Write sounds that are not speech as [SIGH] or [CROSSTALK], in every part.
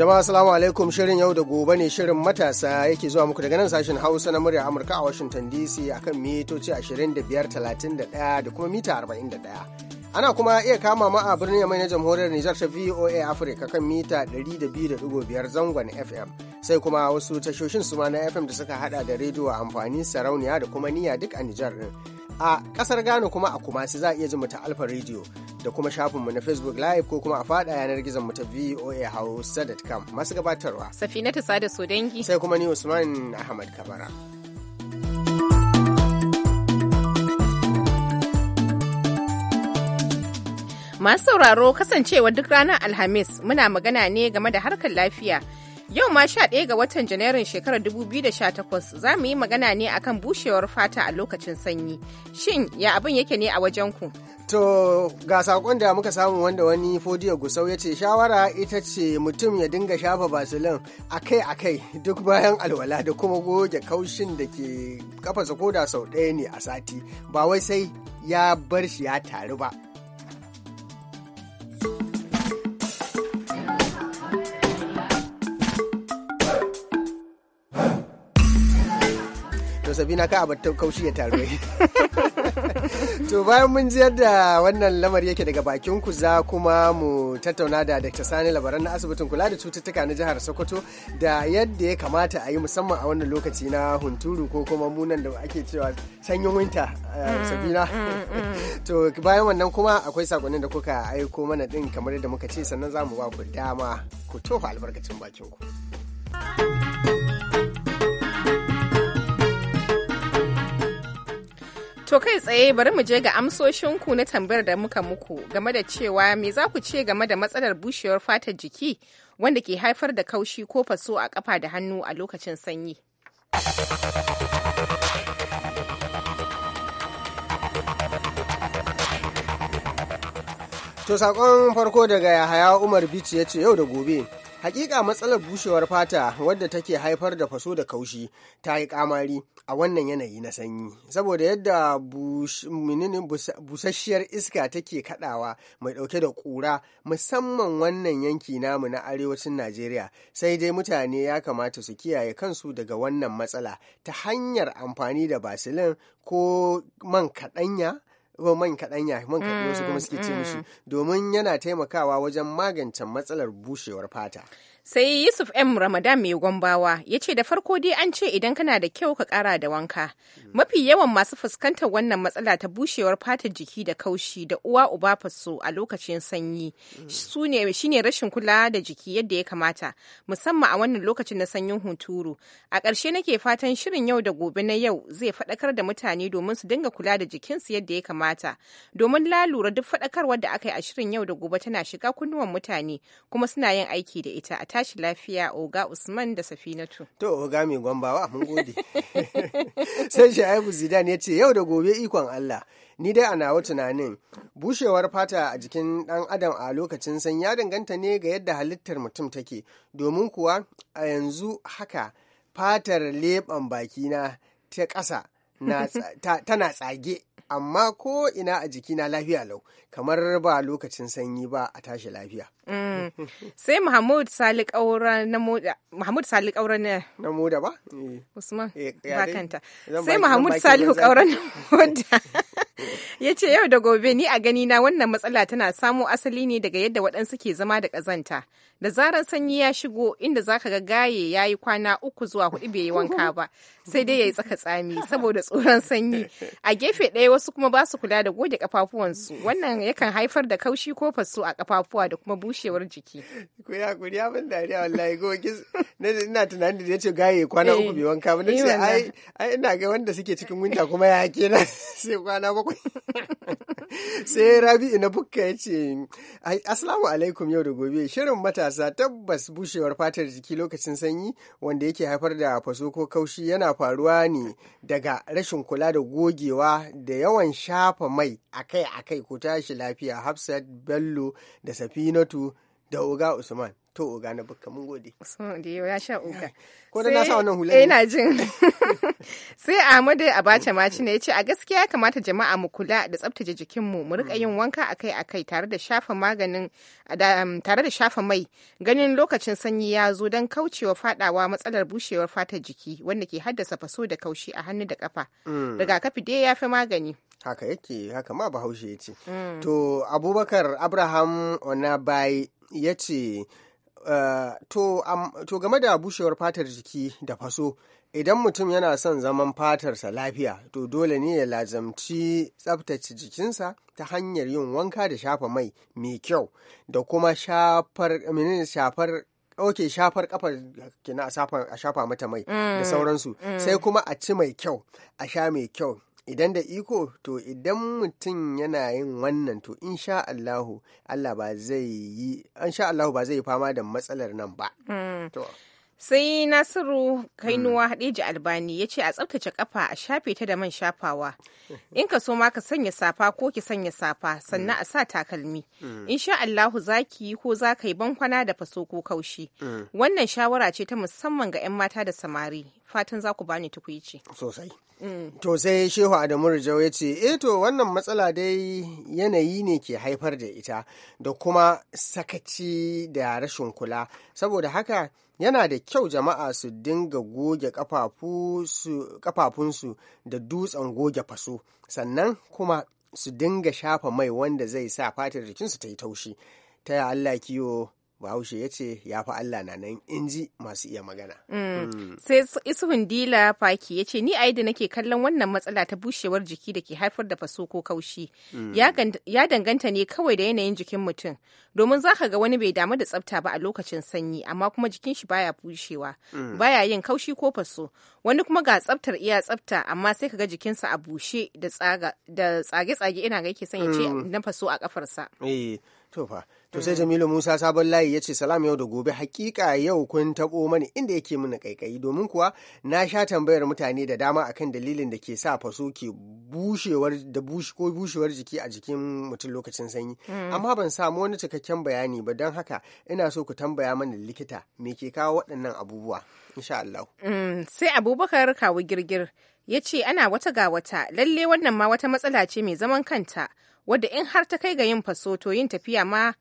Jama'a salamu alaikum shirin yau da gobe ne shirin matasa yake zuwa muku daga nan sashen Hausa na murya Amurka a Washington DC akan mitoci 25 31 da kuma mita 41. ana kuma iya kama ma a birnin yamai na jamhuriyar Nijar ta VOA Africa kan mita 200.5 zangon FM sai kuma wasu tashoshin suma na FM da suka hada da rediyo amfani sarauniya da kuma niyya duk a Nijar din. a kasar Ghana kuma a Kumasi za a iya jin ta Alfa Radio da kuma shafin mu na Facebook Live ko kuma a fada yanar gizon mu ta VOA Hausa.com masu gabatarwa. Safina ta sada dangi. Sai kuma ni Usman Ahmad Kabara. Masu sauraro kasancewa duk ranar Alhamis muna magana ne game da harkar lafiya. Yau ma sha ɗaya ga watan Janairun shekarar 2018 za mu yi magana ne akan bushewar fata a lokacin sanyi. Shin ya abin yake ne a wajen ku? To ga saƙon da muka samu wanda wani fodiyo gusau ya ce shawara ita ce mutum ya dinga shafa basilin akai akai duk bayan alwala da kuma goge kaushin da ke kafasa koda sau ɗaya ne a sati ba wai sai ya bar shi ya taru ba. sabina ka abar kaushi ya taro to bayan mun ji yadda wannan lamari yake daga bakin ku za kuma mu tattauna da Dr. Sani labaran na asibitin kula da cututtuka na jihar Sokoto da yadda ya kamata a yi musamman a wannan lokaci na hunturu ko kuma munan da ake cewa sanyin winta eh, mm, sabina mm, mm, [LAUGHS] to bayan wannan kuma akwai sakonnin da kuka aiko mana din kamar yadda muka ce sannan za mu ba ku dama ku tofa albarkacin bakin ku To kai tsaye bari mu je ga amsoshinku na tambayar da muka muku game da cewa me za ku ce game da matsalar bushewar fatar jiki wanda ke haifar da kaushi ko faso a kafa da hannu a lokacin sanyi. To sakon farko daga Yahaya Umar Bichi ya ce yau da gobe. Hakika matsalar bushewar fata wadda take haifar da faso da kaushi ta yi kamari a wannan yanayi na sanyi saboda yadda busasshiyar iska take kadawa mai dauke da kura musamman wannan yanki namu na arewacin najeriya sai dai mutane ya kamata su kiyaye kansu daga wannan matsala ta hanyar amfani da basilin ko man kaɗanya ko man kadanya man kadanya su kuma mm, suke ce mishi mm. domin yana taimakawa wajen magance matsalar bushewar fata Sai Yusuf M. Ramadan mai Gwambawa, ya ce da farko dai an ce idan kana da kyau ka kara da wanka. Mm. Mafi yawan masu fuskantar wannan matsala ta bushewar fatar jiki da kaushi da uwa uba faso a lokacin sanyi mm. shi rashin kula da jiki yadda ya kamata musamman a wannan lokacin na sanyin hunturu. A ƙarshe nake fatan shirin yau da gobe na yau zai faɗakar da mutane domin su dinga kula da jikinsu yadda ya kamata. Domin la lura duk faɗakarwar da aka yi a shirin yau da gobe tana shiga kunnuwan mutane kuma suna yin aiki da ita a tashi lafiya oga usman da safinatu to oga mai gwambawa mun gode [LAUGHS] sai shaibu zidan ya ce yau da gobe ikon allah ni dai a nawa tunanin bushewar fata a jikin dan adam a lokacin san ya danganta ne ga yadda halittar mutum take domin kuwa a yanzu haka fatar leɓen bakina ta ƙasa tana tsage amma ko ina a jikina lafiya lau kamar ba lokacin sanyi ba a tashi lafiya. Mm. [LAUGHS] Sai Muhammad Salih eh. eh, Kaura na Muda. na Muda ba? Usman ba kanta. Sai Muhammad Salih Kaura [LAUGHS] na Muda. ya ce yau da gobe ni a gani na wannan matsala tana samo asali ne daga yadda waɗansu ke zama da ƙazanta da zarar sanyi ya shigo inda zaka ga gaye ya yi kwana uku zuwa hudu bai yi wanka ba sai dai ya yi tsaka tsami saboda tsoron sanyi a gefe ɗaya wasu kuma ba su kula da goge kafafuwansu wannan yakan haifar da kaushi ko faso a kafafuwa da kuma bushewar jiki ku ya ku ya ban dariya wallahi ina tunanin da gaye kwana uku bai wanka ba na eh, ce ai ina ga wanda suke cikin winter kuma ya kenan [LAUGHS] sai kwana bakwai sai rabi'u na bukka ya ce asalamu alaikum yau da gobe shirin matasa tabbas bushewar fatar jiki lokacin sanyi wanda yake haifar da faso ko kaushi yana faruwa ne daga rashin kula da gogewa da yawan shafa mai akai-akai ko tashi lafiya hafsat bello da safinatu da oga usman to oga na bukka mun gode usman da ya sha oga ko da na sa wannan hula ina jin [LAUGHS] sai ahmadu abacha maci ne yace a gaskiya kamata jama'a mu kula da tsaftace jikin mu mu rika yin wanka akai akai tare da shafa maganin um, tare da shafa mai ganin lokacin sanyi ya zo don kaucewa fadawa matsalar bushewar fatar jiki wanda ke haddasa faso da kaushi a hannu da kafa mm. rigakafi dai ya fi magani haka yake haka ma bahaushe ya ce mm. to abubakar abraham onabai ya ce eh, to, game da bushewar fatar jiki da faso idan mutum yana son zaman fatarsa lafiya to dole ne ya lazamci tsaftace jikinsa ta hanyar yin wanka da shafa mai mai kyau da kuma shafar shafar ok shafar kafar kina a shafa mata mai da mm. sauransu mm. sai kuma a ci mai kyau a sha mai kyau idan da iko to idan mutum yana yin wannan to insha Allahu Allah ba zai yi insha Allahu ba zai yi fama da matsalar nan ba hmm. to sai nasiru kainuwa hmm. hadeji albani ya ce a tsabtace kafa a shafe ta da man shafawa [LAUGHS] in ka so ma ka sanya safa ko ki sanya safa sannan a hmm. sa takalmi insha Allahu za ki yi ko za ka yi bankwana da faso ko kaushi wannan shawara ce ta musamman ga 'yan mata da samari fatan za ku bani tukuici. Sosai. Mm. To sai Shehu Adamu Rijau ya ce, "E to wannan matsala dai yanayi ne ke haifar da ita da kuma sakaci da rashin kula. Saboda haka yana da kyau jama'a su dinga goge kafafunsu da dutsen goge faso, sannan kuma su dinga shafa mai wanda zai sa fatar jikinsu ta yi taushi. Ta Allah kiyo bahaushe ya ce ya fi Allah na nan in ji masu iya magana. Mm. Mm. Sai Isuhun Dila Faki ya ce ni a da nake kallon wannan matsala ta bushewar jiki da ke haifar da faso ko kaushi. Mm. Ya danganta ne kawai da yanayin jikin mutum. Domin za ka ga wani bai damu da tsafta ba a lokacin sanyi amma kuma jikin shi baya bushewa. Baya yin kaushi ko faso. Wani kuma ga tsaftar iya tsafta amma sai ka ga jikinsa a bushe da tsage-tsage ina ga yake son ya ce na faso a kafarsa. Eh, to fa to sai jamilu musa sabon layi ya ce salam yau da gobe hakika yau kun taɓo mani inda yake mana kaikayi domin kuwa na sha tambayar mutane da dama akan dalilin da ke sa faso ke bushewar da bush ko bushewar jiki a jikin mutum lokacin sanyi mm. amma ban samu wani cikakken bayani ba don haka ina so ku tambaya mana likita me ke kawo waɗannan abubuwa insha Allah mm, sai abubakar kawu girgir ya ce ana wata ga wata lalle wannan ma wata matsala ce mai zaman kanta wadda in har ta kai ga yin faso to yin tafiya ma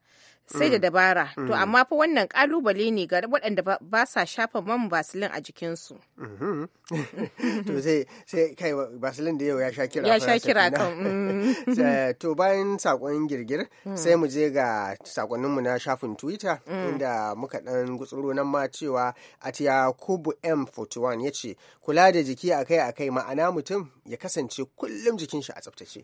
sai da mm. dabara to mm. amma fa wannan kalubale ne ga waɗanda ba sa shafa man vaseline a jikinsu mm-hmm. [LAUGHS] to sai sai kai vaseline da yau ya sha kira ya sha kira kan [LAUGHS] mm. to bayan sakon girgir sai mu je ga mu na shafin twitter inda muka dan gutsuro nan ma cewa at kubu m41 yace kula da jiki akai-akai ma'ana mutum ya kasance kullum jikin shi a tsaftace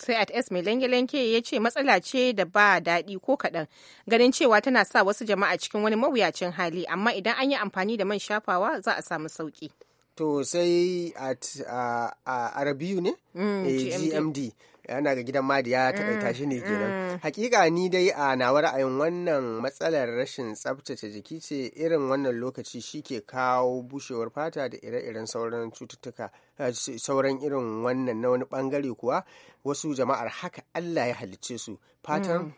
sai at s mai lengelenke yace ya ce matsala ce da ba daɗi ko kaɗan ganin cewa tana sa wasu jama'a cikin wani mawuyacin hali amma idan an yi amfani da man shafawa za a samu sauki to sai at uh, arabiyu ne mm, eh, GMD. yana ga gidan madi ya taɗaita mm, shi ne kenan mm. hakika ni dai a nawa ra'ayin wannan matsalar rashin tsabtace jiki ce irin wannan lokaci shi ke kawo bushewar fata da ire-iren sauran cututtuka eh, sauran irin wannan na wani bangare kuwa wasu jama'ar haka Allah ya halicce su fatar mm.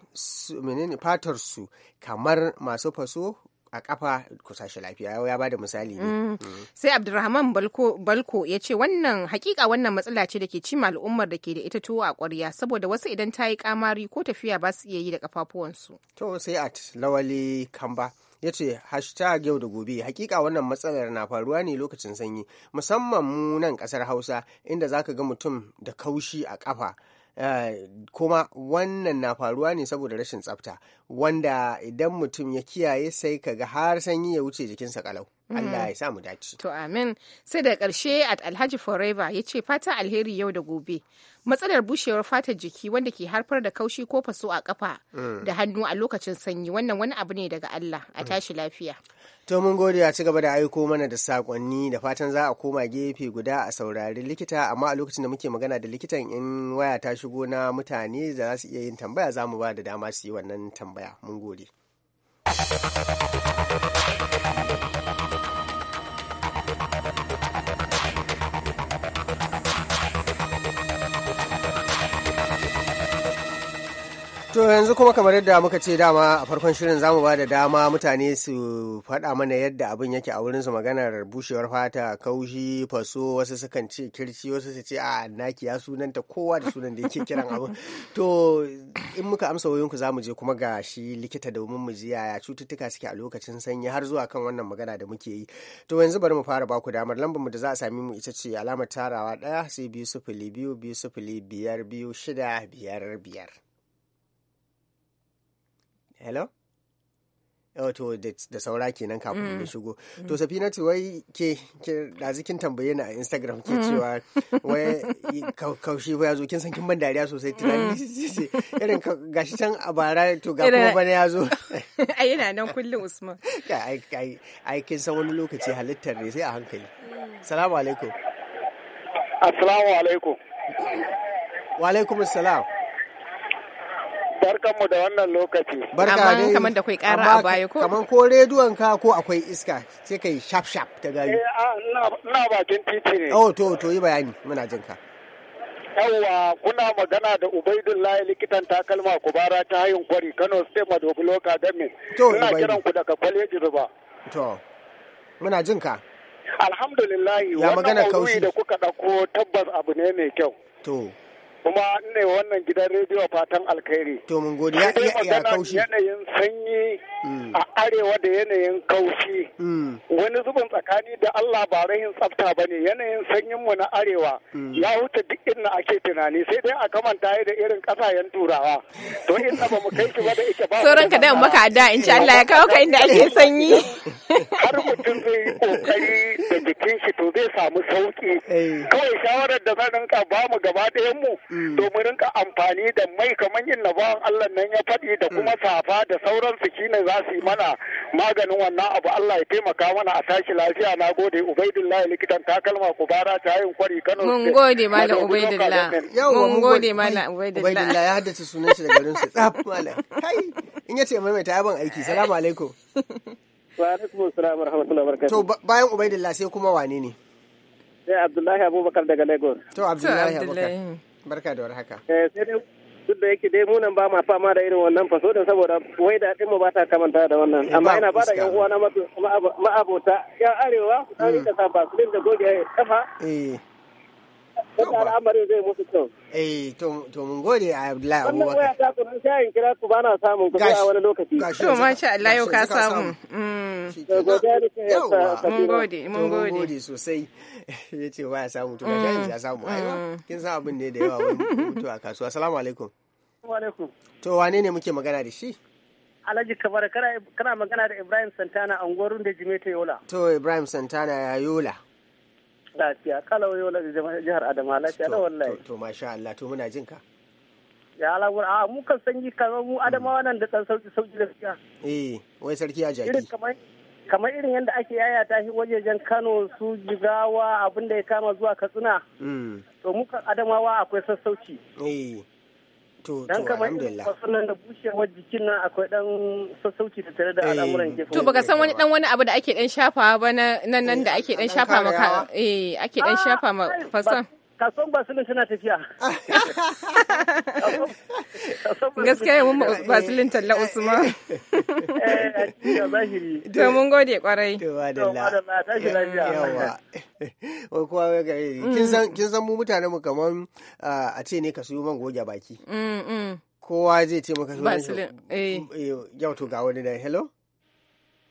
su kamar masu faso a kafa ku sashi lafiya ya bada misali ne mm. Mm. sai abdulrahman balko ya ce wannan hakika wannan matsala ce da ke cima al'ummar da ke da ita tuwo a ƙwarya saboda wasu idan ta yi kamari ko tafiya ba su iya yi da kafafuwansu to sai at lawali kamba ya ce hashtag yau da gobe hakika wannan matsalar na faruwa ne lokacin sanyi musamman mu nan kasar hausa inda zaka ga mutum da kaushi a kafa Eh, kuma wannan na faruwa ne saboda rashin tsafta wanda idan mutum ya kiyaye sai kaga har sanyi ya wuce jikinsa kalau mm-hmm. Allah ya samu dace. To amin. Sai da karshe at Alhaji Forever ya ce fata alheri yau da gobe. Matsalar bushewar fatar jiki wanda ke harfar da kaushi ko faso a kafa mm. da hannu a lokacin sanyi wannan wani abu ne daga Allah a mm. tashi lafiya. To mun gode a cigaba da aiko mana da sakonni da fatan za a koma gefe guda a saurari likita amma a lokacin da muke magana da likitan in waya ta shigo na mutane da za su iya yin tambaya za mu ba da dama su yi wannan tambaya. Mun gode. To yanzu kuma kamar yadda muka ce dama a farkon shirin zamu ba da dama mutane su faɗa mana yadda abin yake a wurin su maganar bushewar fata kaushi faso wasu sukan ce kirci wasu su ce a naki ya sunanta kowa da sunan da yake kiran abu [LAUGHS] To in muka amsa wayoyinku za mu je kuma ga shi likita domin mu ji yaya cututtuka suke a lokacin sanyi har zuwa kan wannan magana da muke yi. To yanzu bari mu fara ba ku damar lambar mu da za a sami mu ita ce alamar tarawa ɗaya sai biyu sifili biyu biyu sifili biyar biyu shida biyar biyar. hello Oh, to da saura kenan kafin mm. ya shigo mm. to ce wai ke dazikin tambaye na a instagram ke mm. cewa [LAUGHS] wai kaushi ya zo kin san kin ban dariya sosai mm. tunani [LAUGHS] irin gashi can a bara to ga kuma bane ya zo [LAUGHS] ai yana nan kullum usman ai kin san wani lokaci halittar ne sai a hankali salamu alaikum assalamu alaikum wa alaikum assalam Barkanmu da wannan lokaci. Barka Amma kamar da kai ƙara a baya ko? Kamar ko rediyon ka ko akwai iska sai kai sharp. shaf ta gari. Eh ina bakin titi ne. Oh to to yi bayani muna jin ka. Yawwa kuna magana da Ubaidullahi likitan takalma kubara ta hayin kwari Kano State Madobulo Academy. To ina kiran ku daga kwaleji Ruba. To muna jin ka. Alhamdulillah wannan magana da kuka ɗauko tabbas abu ne mai kyau. To. kuma ne wannan gidan rediyo fatan alkhairi. To mun gode ya kaushi. Yanayin sanyi mm. a arewa da yanayin kaushi. Mm. Wani zubin tsakani da Allah ba rahin tsafta bane yanayin sanyin mu na arewa mm. ya huta duk inda ake tunani sai dai a kamanta da irin kasayen turawa. To inda ba mu kai shi ba da ike ba. Sauran ka da maka ada insha Allah ya kawo ka inda ake sanyi. [LAUGHS] Har mutum zai yi kokari da jikin shi to zai samu sauki. Eh. Kawai shawarar da zan rinka ba mu gaba ɗayan mu. to mu rinka amfani da mai kamar yin na bawan Allah nan ya faɗi da kuma mm. safa da sauran su shine za su yi mana maganin wannan abu Allah ya taimaka mana a tashi lafiya na gode Ubaidullahi likitan takalma kubara ta yin kwari Kano. Mun gode mala Ubaidullah. Mun gode mala Ubaidullah. Ubaidullah ya haddace sunan shi da garin su tsaf mala Kai in yace maimaita ya ban aiki. Salamu alaikum. To bayan Ubaidullah sai kuma wane ne? Sai Abdullahi Abubakar daga Lagos. To Abdullahi Abubakar. Barka da warhaka. Eh, sai dai duk da yake dai munan ba ma fama da irin wannan faso din saboda wai da mu ba ta kamanta da wannan eh, amma ina ba da yan uwa na ma'abota yan arewa su rika sa basulin da goge kafa eh. Yadda al'amarin zai musu kyau. Eh, to mun gode a Abdullahi Abubakar. Wannan waya ta kuma sai in kira ku bana samun ku a wani lokaci. To masha Allah yau ka samu. Mm. Mun gode, mun gode. Mun gode sosai. [LAUGHS] Ya ce ba ya samu, to ga mm. yanzu ya samu. Aiwa, mm. kin san abin ne da yawa wani mutu a kasuwa. Assalamu alaikum. Wa alaikum. To wane ne muke magana da shi? Alhaji Kabara, kana magana da Ibrahim Santana a unguwar da Jimeta Yola. To Ibrahim Santana ya Yola. lafiya kalau yau na jihar adama lafiya na wallahi to masha Allah to muna jin ka ya alawar a ah, mu kan sanyi kamar mu adamawa nan da dan sauki sauki suka eh wai sarki ya jaki kamar kamar irin yadda ake yaya shi wajejen Kano su Jigawa abinda ya kama zuwa Katsina mm. to mu kan adamawa akwai sassauci eh to dan kamar kwasan da bushewar jikin nan akwai dan sassauci da tare da eh, al'amuran gefen to baka san wani dan wani abu da ake dan shafawa ba nan nan da ake dan shafa maka eh ake dan shafa ma eh, ah, fasan kasuwan basilin suna tafiya. [LAUGHS] Gaskiya mun eh, basilin talla eh. Usman. [LAUGHS] Eh, to mun gode kwarai. To Yawa. [LAUGHS] Wai kowa ya gare ni. Mm. Kin san mu mutanen mu kaman a ce ne kasu man goge baki. Mm, mm. Kowa zai ce maka sunan yau to ga wani da hello.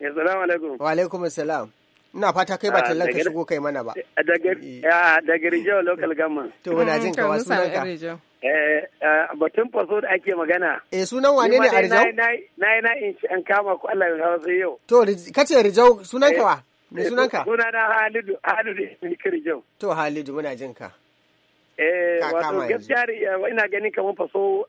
Assalamu alaikum. Wa alaikum assalam. ina fata kai ba ah, tallan ka shigo kai mana ba ah, daga eh. ah, rijiyo local government to muna mm, jin ka wasu nan eh, batun faso da ake magana eh sunan wane ne a rijau na yi na in an kama ku Allah ya hawa yau to kace rijau sunan ka eh, wa me sunan ka na Halidu Halidu ka rijau to Halidu muna jin ka eh wato gaskiya ina ganin kamar faso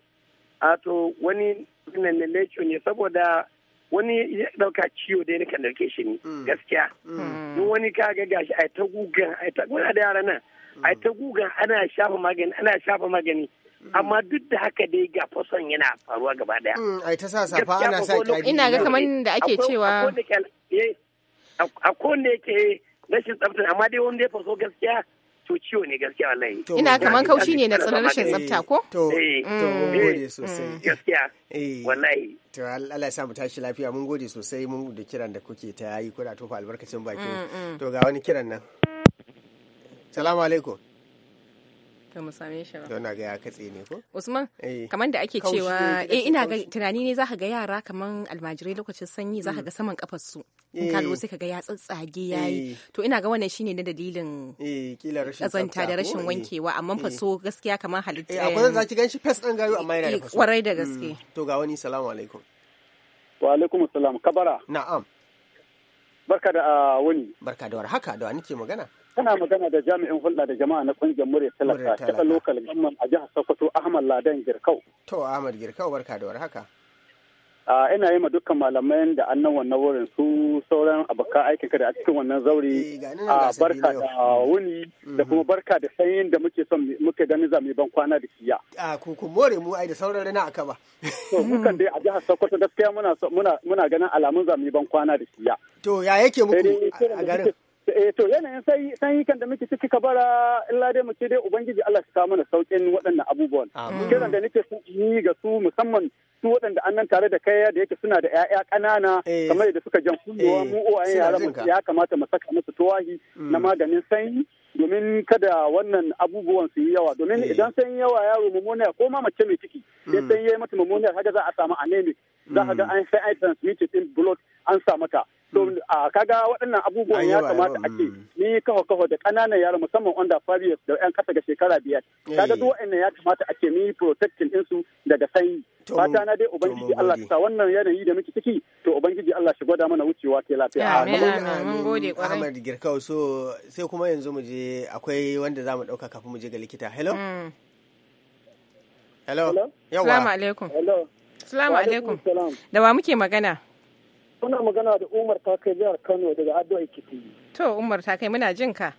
a to wani nan ne ne saboda wani ya dauka ciwo dai nakan dauke shi ne mm. gaskiya mm. duk wani k'a ga gashi a ta gugan a ta muna da yara nan a ta gugan ana shafa magani ana shafa magani mm. amma duk da haka dai ga fason yana faruwa gaba daya a ta sa safa ana sa kaji ina ga kamar da ake cewa eh, a kowanne yake rashin tsaftar amma dai wanda ya faso gaskiya ciwo ne gaskiya wallahi ina kaman kaushi ne na tsanar rashin tsafta ko to eh. mun mm. gode sosai mm. gaskiya eh. wallahi to Allah ya sa mu tashi lafiya mun gode sosai mun da kiran da kuke ta yi kuna tofa albarkacin bakin mm, to ga wani kiran nan salamu alaikum to mu same shi ba. Dona ga ya katse ne ko? Usman, eh. kamar da ake cewa eh ina ga tunani ne zaka ga yara kamar almajirai lokacin sanyi zaka ga saman kafar su. in ka eh. sai ga ya tsatsage yi eh. to ina ga wannan shine na dalilin eh, kazanta da rashin wankewa amma faso gaskiya kamar halitta eh akwai zaki ganshi fes din gayu amma yana da faso kwarai da gaske hmm. to ga wani salamu alaikum wa alaikum assalam kabara na'am barka da ah, wani barka da war haka da wani ke magana kana magana da jami'in hulɗa da jama'a na kungiyar murya talaka ta lokal gamman a jihar Sokoto Ahmad Ladan Girkau to Ahmad Girkau barka da war haka ina yi ma dukkan malamai da annan wannan wurin su sauran abokan aikin da a cikin wannan zauri eh, a barka da mm-hmm. wuni da kuma barka da sanyin da muke son muke gani za mu ban kwana da shiya. A kuku more mu ai da sauran rana aka ba. To mukan dai a jihar Sokoto gaskiya muna muna muna ganin alamun za mu ban kwana da shiya. To ya yake muku a garin? eh to yanayin sai sanyi kan da muke ciki ka bara illa dai mu ce dai ubangiji Allah ya mana saukin waɗannan abubuwan kiran da nake yi ga su musamman su waɗanda an nan tare da kai da yake suna da ƴaƴa ƙanana eh. kamar da suka jan kunnuwa mu eh. uwayen yara ya kamata mu saka musu tuwahi mm. na maganin sanyi domin kada wannan abubuwan su yi yawa domin eh. idan sanyi yawa yaro mummuniya ko ma mace mai ciki sai mm. sanyi ya mata mummuniya haka za a samu anemic za ka ga mm. an sai an transmitted in blood an sa mata Hmm. a ah, kaga waɗannan abubuwan ya kamata ake hmm. ni kawo kawo da ƙananan yara musamman wanda five da yan ƙasa ga shekara biyar eh. kaga duk waɗannan ya kamata ake ni protecting ɗinsu daga sanyi fata na dai ubangiji Allah ta wannan yanayi da muke ciki to ubangiji Allah shi gwada mana wucewa ke lafiya amin mun gode kwarai Ahmad Girkau so sai kuma yanzu mu je akwai wanda zamu dauka kafin mu je ga likita hello hmm. hello yawa assalamu alaikum assalamu alaikum da wa muke magana Muna magana da Umar ta kai jihar Kano daga Ado Ekiti. To Umar ta kai muna jin ka.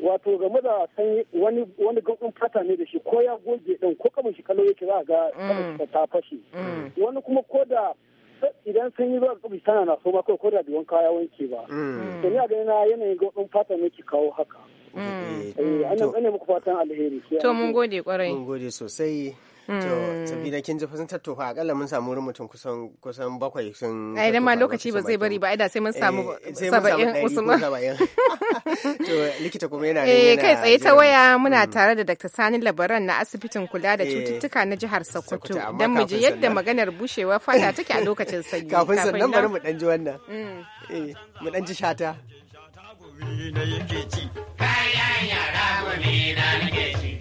Wato game da sanyi wani wani gaban fata ne da shi ko ya goge din ko kamar shi kallo yake za ga mm. ta fashe. Mm. Wani kuma ko da idan sanyi zuwa kabi tana na so ma ko da biyan kaya wanke ba. Mm. To ni a ganin yanayin gaban fata ne ke kawo haka. Ana eh, muku fatan alheri. To mun gode kwarai. Mun gode sosai. to mm. sabida kin ji fasin tattofa akalla mun samu wurin mutum kusan kusan bakwai sun ai dan ma lokaci ba zai bari ba ai da sai mun samu eh, saba'in usman [LAUGHS] to likita kuma yana eh kai tsaye ta waya muna mm. tare da Dr. Sani Labaran na asibitin kula da eh, cututtuka na jihar Sokoto dan mu ji yadda maganar bushewa fata take a lokacin sanyi [LAUGHS] kafin sannan bari mu dan ji wannan mm. eh, mu dan ji shata na yake yara gobe na nake ci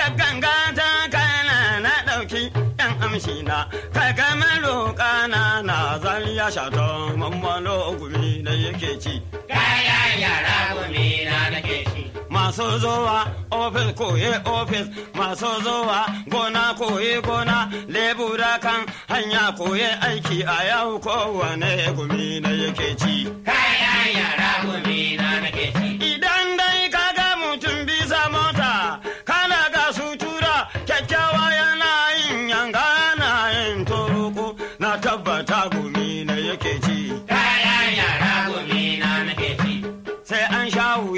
da ganga ta kana na ɗauki ɗan amshi na ka gama roƙana na zan ya shato mammalo gumi da yake ci. Kaya yara gumi na nake ci. Masu zowa ofis koye ofis masu zowa gona koye gona lebura kan hanya koye aiki a yau kowane gumi na yake ci. Kaya yara gumi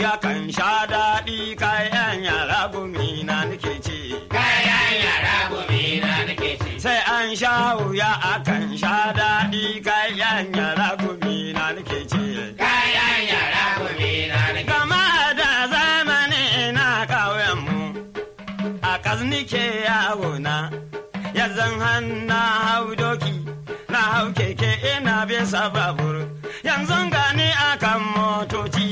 ya kan sha daɗi kayan yara gumi na nake ce. Kayan yara gumi na nake ce. Sai an sha wuya a kan sha daɗi kayan yara gumi na nake ce. Kayan yara gumi na nake ce. Gama da zamani na mu a kaznike yawo na. ya hannu na hau doki na hau keke ina bisa babur yanzu gani akan motoci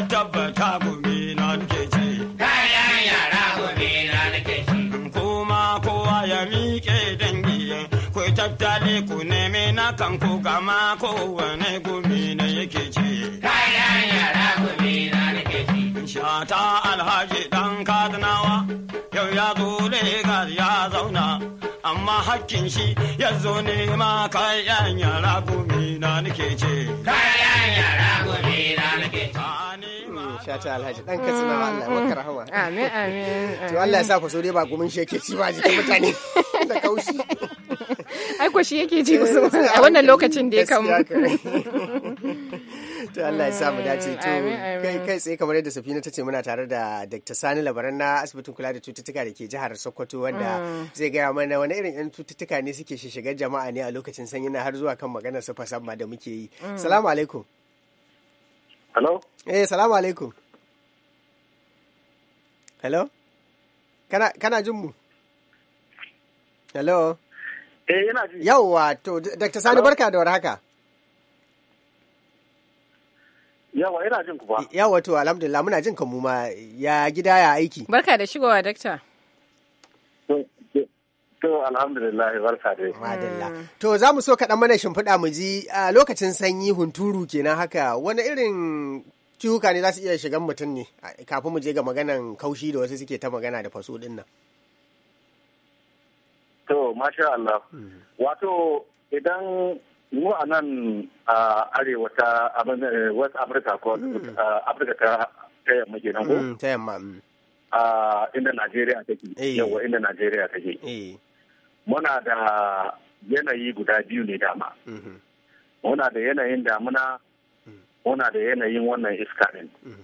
na tabbata gumi na nake ce. Kaya yara gumi na nake ci. Kuma kowa ya miƙe dangi ku tattale ku neme na kan ku gama kowane gumi na yake ci. Kayan yara gumi na nake ce. Shata alhaji dan kadanawa yau ya zo Legas ya zauna amma hakkin shi ya zo nema kayan yara gumi na nake ce. Kayan yara gumi na nake ce. shata alhaji dan katsina Allah wa karhama amin amin [LAUGHS] to Allah ya sa ku so dai ba gumin shi yake ci ba jikin mutane [LAUGHS] da kaushi ai ko shi yake ji musu eh, a wannan lokacin da ya kamu to Allah ya sa mu dace to kai kai tsaye kamar yadda Safina ta ce muna tare da Dr. Sani Labaran na asibitin kula da cututtuka da ke jihar Sokoto wanda mm. zai gaya mana wani irin yan cututtuka ne suke shishigar jama'a ne a lokacin sanyi na har zuwa kan maganar su fasamma da muke yi. Mm. Salamu alaikum. Hello? Eh, salamu alaikum. Hello? Kana, kana jin mu? Hello? Eh, yana ji. Yawwa, to, Dr. Sani barka da warhaka. Yawa, yana jin ku ba. Yawa, to, alhamdulillah muna jin ka mu ma ya gida ya aiki. Barka da shigowa, Dr. To alhamdulillah barka dai. Madalla. To za mu so kaɗan mana shimfiɗa mu ji a lokacin sanyi hunturu kenan haka wani irin ciwuka ne za su iya shigan mutum ne kafin mu je ga maganan kaushi da wasu suke ta magana da faso ɗin nan. To masha Allah. Hmm. Wato idan mu a nan a arewa ta eh, West Africa ko hmm. Africa ta yamma kenan ko? Hmm, ta yamma. inda Najeriya take. Eh. yawa inda Najeriya take. Eh. muna da yanayi guda biyu ne dama mhm. muna da yanayin damuna mhm. muna da yanayin wannan iska ɗin mhm.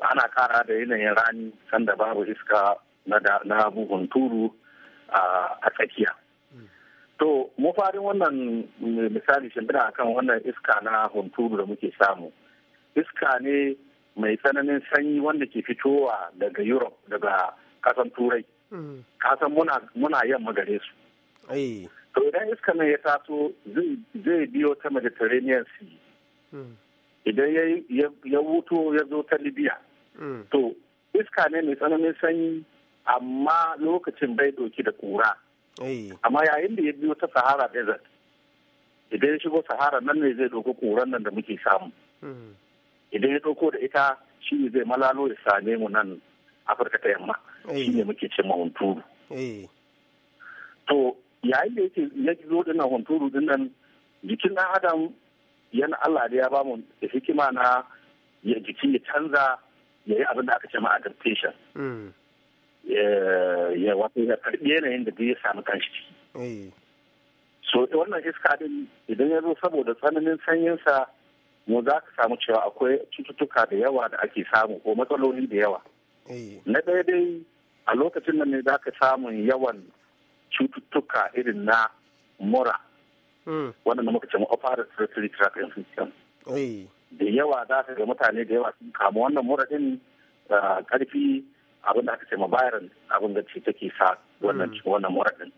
ana kara da yanayin rani sanda babu iska na abubuwan turu a tsakiya to mu farin wannan eh, misali shimfiɗa akan wannan iska na hunturu da muke samu iska ne mai tsananin sanyi wanda ke fitowa daga europe daga kasan turai kasan muna muna yamma gare su eh. to idan iska nan ya taso zai biyo ta mediterranean sea hmm. idan ya wuto ya zo ta libya hmm. to iska ne mai tsananin sanyi amma lokacin bai doki da kura eh. amma yayin da ya biyo ta sahara desert idan ya shigo sahara nan ne zai ɗauko kuran nan da muke samu hmm. idan ya ɗauko da ita shi zai malalo ya same mu nan afirka ta yamma eh. shi ne muke ce ma hunturu eh. to yayin da yake ya zo dinnan hunturu dinnan jikin ɗan adam yana Allah da ya ba mu hikima na ya jiki ya canza ya yi abin da aka ce ma adaptation hmm. ya wato ya karɓi yanayin da ya sami kanshi eh. so wannan iska din idan ya zo saboda tsananin sanyinsa mu za ka samu cewa akwai cututtuka da yawa da ake samu ko matsaloli da yawa na ɗaya dai a lokacin da ne za ka samun yawan cututtuka irin na mura hmm. waɗanda muka ce upper respiratory tract infection da yawa za ka ga mutane da yawa sun kamu wannan mura din karfi ah, abin da aka ce ma bayan abin da ce take sa wannan hmm. wannan mura din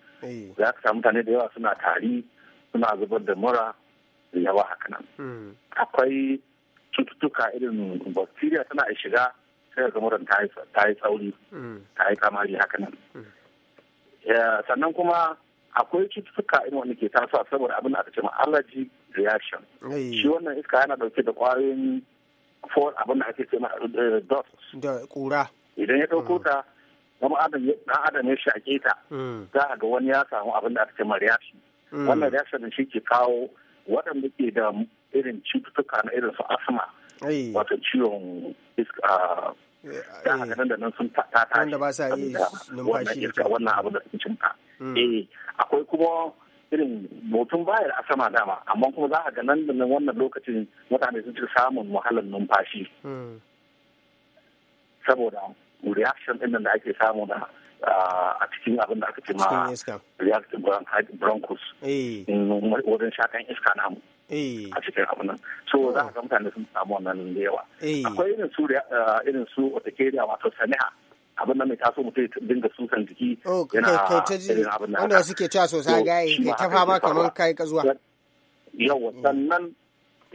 za ka samu mutane da yawa suna tari suna zubar da mura da yawa haka nan hmm. akwai cututtuka irin bacteria tana shiga sai ga muran ta yi tsauri mm. ta yi kamari haka nan mm. sannan kuma akwai cututtuka in wanda ke tasowa saboda abin da aka ce ma allergy reaction shi wannan iska yana dauke da kwayoyin for abin da ake ce ma eh, dust da kura idan ya dauko mm. ta kuma adam dan adam ya shaƙe ta za a ga wani ya samu abin da aka ce ma reaction wannan reaction shi ke kawo waɗanda ke da irin cututtuka na irin su asma wato ciwon iska Eh, ta haka da ba sa yi numfashi da kyau wannan abu da sun ta. Hmm. eh akwai kuma irin motun bayar a sama dama amma kuma za a ga nan da nan wannan lokacin mutane sun ci samun wahalar numfashi hmm. saboda reaction ɗin da ake samu da ah, a cikin abin da aka ce ma reaction bronchus eh. mm, wurin shakan iska namu a cikin abu nan so za oh. ah, ka mutane sun samu wannan da yawa akwai irin su irin su otakeriya wato saniha abin nan mai taso mutum ya dinga susan jiki yana irin abin nan wanda suke cewa sai gaye kai ta fama kamar kai ka zuwa yawa sannan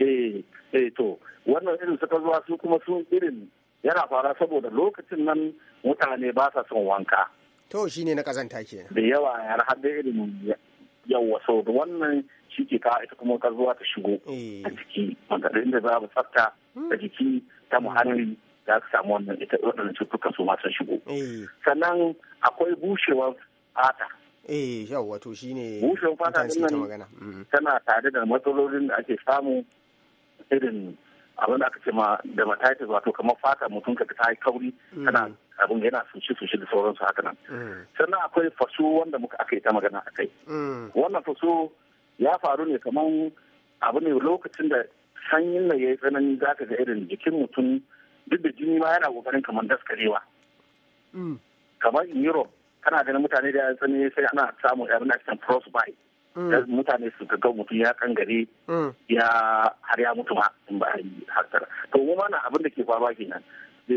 mm. eh eh to wannan irin suka zuwa su kuma su irin yana fara saboda lokacin nan mutane ba sa son wanka to shine na kazanta kenan da yawa ya har da irin yawa so da wannan ke ka ita kuma ka zuwa ta shigo eh. a jiki wanda inda a tsafta ta hmm. jiki ta muhalli za su samu wannan ita waɗannan cututtuka su ma sun shigo eh. sannan akwai bushewar fata eh yawa to shine bushewar fata nan hmm. tana tare da matsalolin da ake samu irin abin da aka ce ma dermatitis wato kamar fata mutum ka ta yi kauri hmm. tana abin yana sushi sushi da sauransu haka nan sannan akwai faso wanda muka aka yi ta magana akai. wannan faso ya faru ne kamar abu ne lokacin da sanyin da ya yi tsanani za ka ga irin jikin mutum duk da jini ma yana kokarin kamar daskarewa mm. kamar in europe kana ganin mutane da yan tsanani sai ana samun abin da cikin frostbite mm. mutane su ga mutum ya kangare mm. ya har ya mutu ma in ba a yi to mu mana abin da ke faruwa kenan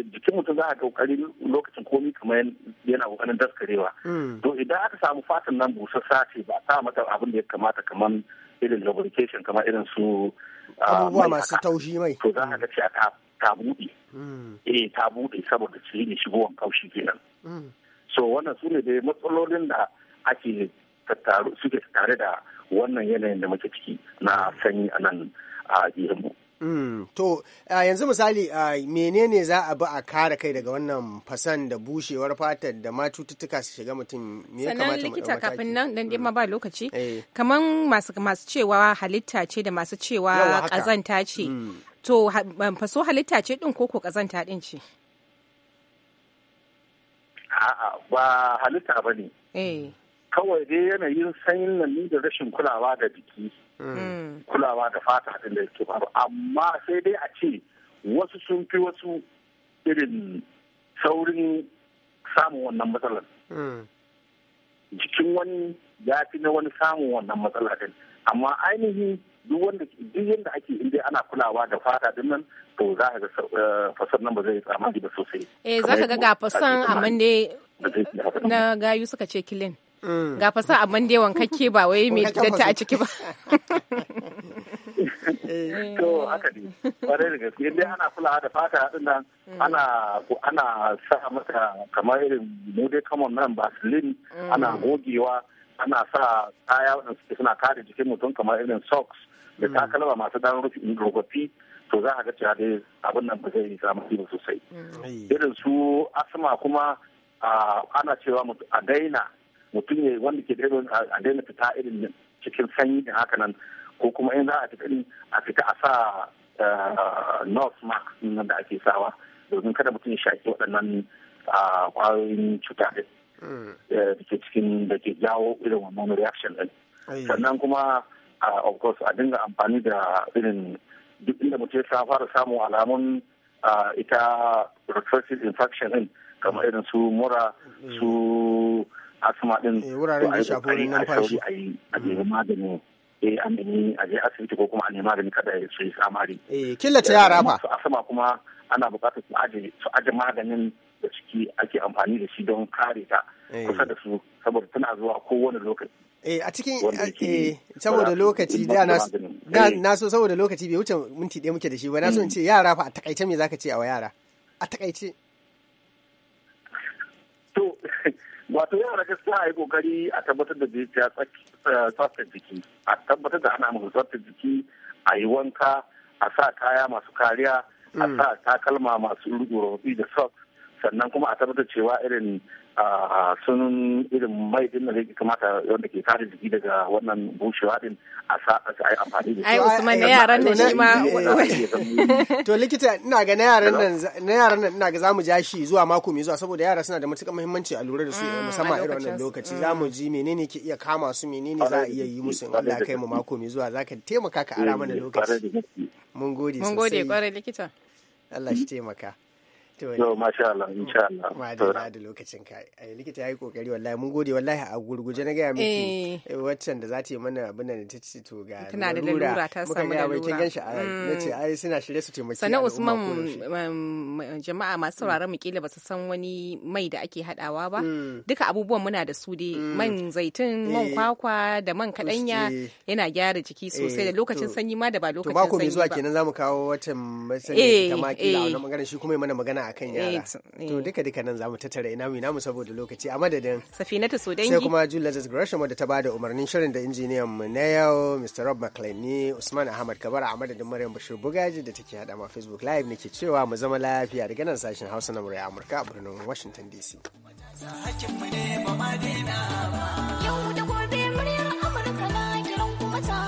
jikin mutum za a kokarin lokacin komi kamar yana kokarin daskarewa hmm. to idan aka samu fatan nan busa sace ba sa mata abin da ya kamata kamar irin lubrication kamar irin su ah, abubuwa masu taushi mai to za a gaci a ta buɗe hmm. eh ta buɗe saboda su ne shigowan kaushi kenan hmm. so wannan su ne dai matsalolin da ake tattaru suke tare da wannan yanayin da muke ciki na sanyi a nan a mu. Mm. To uh, yanzu misali uh, menene za a bi a kare kai daga wannan fasan da bushewar fatar da ma cututtuka su shiga mutum me ya kamata likita kafin nan dan dai mm. ma ba lokaci eh. kaman masu masu cewa halitta ce da masu cewa kazanta ce mm. to faso halitta ce din koko kazanta din ce a'a ba halitta bane eh kawai dai yanayin sanyin nan da rashin kulawa da jiki mm. kulawa da fata din da yake faru amma sai dai a ce wasu sun fi wasu irin saurin samun wannan matsalar mm. jikin wani ya fi na wani samun wannan matsala din amma ainihin duk wanda duk yadda ake inda ana kulawa da fata din nan to za ka ga eh, fasar nan ba zai tsamani ba sosai eh za ka ga ga fasan amma ne na gayu suka ce kilin Mm. Ga fasa amman dai wankakke ba wai mai datti a ciki ba. Eh. To haka ne, ƙwarai da gaske dai ana kulawa da fata din mm. ana ana sa mata kamar irin mude kamar nan basilin mm. ana gogewa ana sa kaya waɗanda suna kare jikin mutum kamar irin socks da takalma masu dan rufi to za a ga cewa dai abin nan ba zai yi samun sosai irin su asma kuma ana cewa a daina mutum ne wanda ke da irin a daina fita irin cikin sanyi da haka nan ko kuma in za a fita a fita a sa eh, north mask nan da ake sawa domin kada mutum ya shaki waɗannan ah, ƙwayoyin cuta hmm. eh, da ke cikin da ke jawo irin wannan reaction ɗin sannan kuma ah, of course a dinga amfani da irin duk inda mutum ya fara samun alamun ah, ita recursive infection ɗin kamar irin su mura hmm. su asma din eh, wuraren da shafi numfashi a yi a nemi magani eh an nemi a je asibiti ko kuma a nemi magani kada ya yi samari eh killata eh, yara ba asma kuma ana buƙatar su aje su aje maganin da ciki ake amfani da shi don kare ta eh. kusa da su saboda tana zuwa kowane lokaci Eh, a cikin eh, saboda lokaci da na so saboda lokaci bai wuce minti ɗaya muke da shi ba na so in hmm. ce yara fa a takaice me zaka ce a wa yara a takaice wato yara gaskiya a yi kokari a tabbatar da zuciya eh, tsaftar jiki a tabbatar da ana musu tsaftar jiki a yi wanka a sa kaya masu kariya a mm. sa takalma masu rufi da socks sannan kuma a tabbatar cewa irin sun irin mai din da kamata wanda ke kare jiki daga wannan bushewa din a sa a yi amfani da shi. Ai Usman na yaran nan shi ma to likita ina ga na yaran nan na yaran nan ina ga zamu ja shi zuwa mako mai zuwa saboda yara suna da matukar muhimmanci a lura da su mm, musamman irin wannan lokaci mm. zamu ji menene ke iya kama su menene za a iya yi musu in Allah kai mu mako mai zuwa zaka taimaka ka ara eh, mana lokaci. Mun gode sosai. Mun gode kwarai likita. Allah shi taimaka. To masha Allah da lokacin ka. Eh, likita yayi kokari wallahi mun gode wallahi a gurguje na gaya miki eh. Eh, waccan da za ta yi mana abin da ta ce to ga tana da lalura ta samu lalura. Muka ga ganshi mm. ai suna shirye su taimaki. Sannan Usman jama'a masu mm. sauraron mu kila ba su san wani mai da ake hadawa ba. Mm. Duka abubuwan muna da su dai man zaitun man kwakwa da man kaɗanya yana gyara jiki sosai da lokacin sanyi ma da ba lokacin sanyi ba. To mako mai zuwa kenan zamu kawo watan sanyi ta kila a wannan magana shi kuma mana magana a kan eh, yara to eh. duka duka nan zamu tattara ina mu namu saboda lokaci a madadin so dangi sai kuma julius gresham da ta bada umarnin shirin da injiniyan mu na yau mr rob mclean ni usman ahmad kabar a madadin maryam bashir bugaji da take hada ma facebook live nake cewa mu zama lafiya daga nan sashen hausa na murya amurka a birnin washington dc Yau da gobe muryar Amurka na kiran kuma ta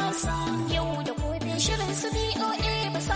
yau da gobe shirin su BOA ba sa